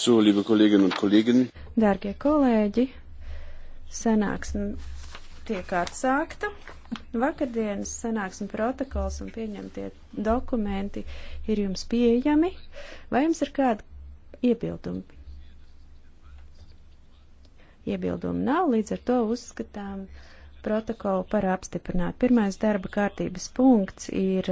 So, liebe Kolleginnen un Kollegen. Dārgie kolēģi, sanāksme tiek atsākta. Vakardienas sanāksme protokols un pieņemtie dokumenti ir jums pieejami. Vai jums ir kādi iebildumi? Iebildumi nav, līdz ar to uzskatām protokolu par apstiprināt. Pirmais darba kārtības punkts ir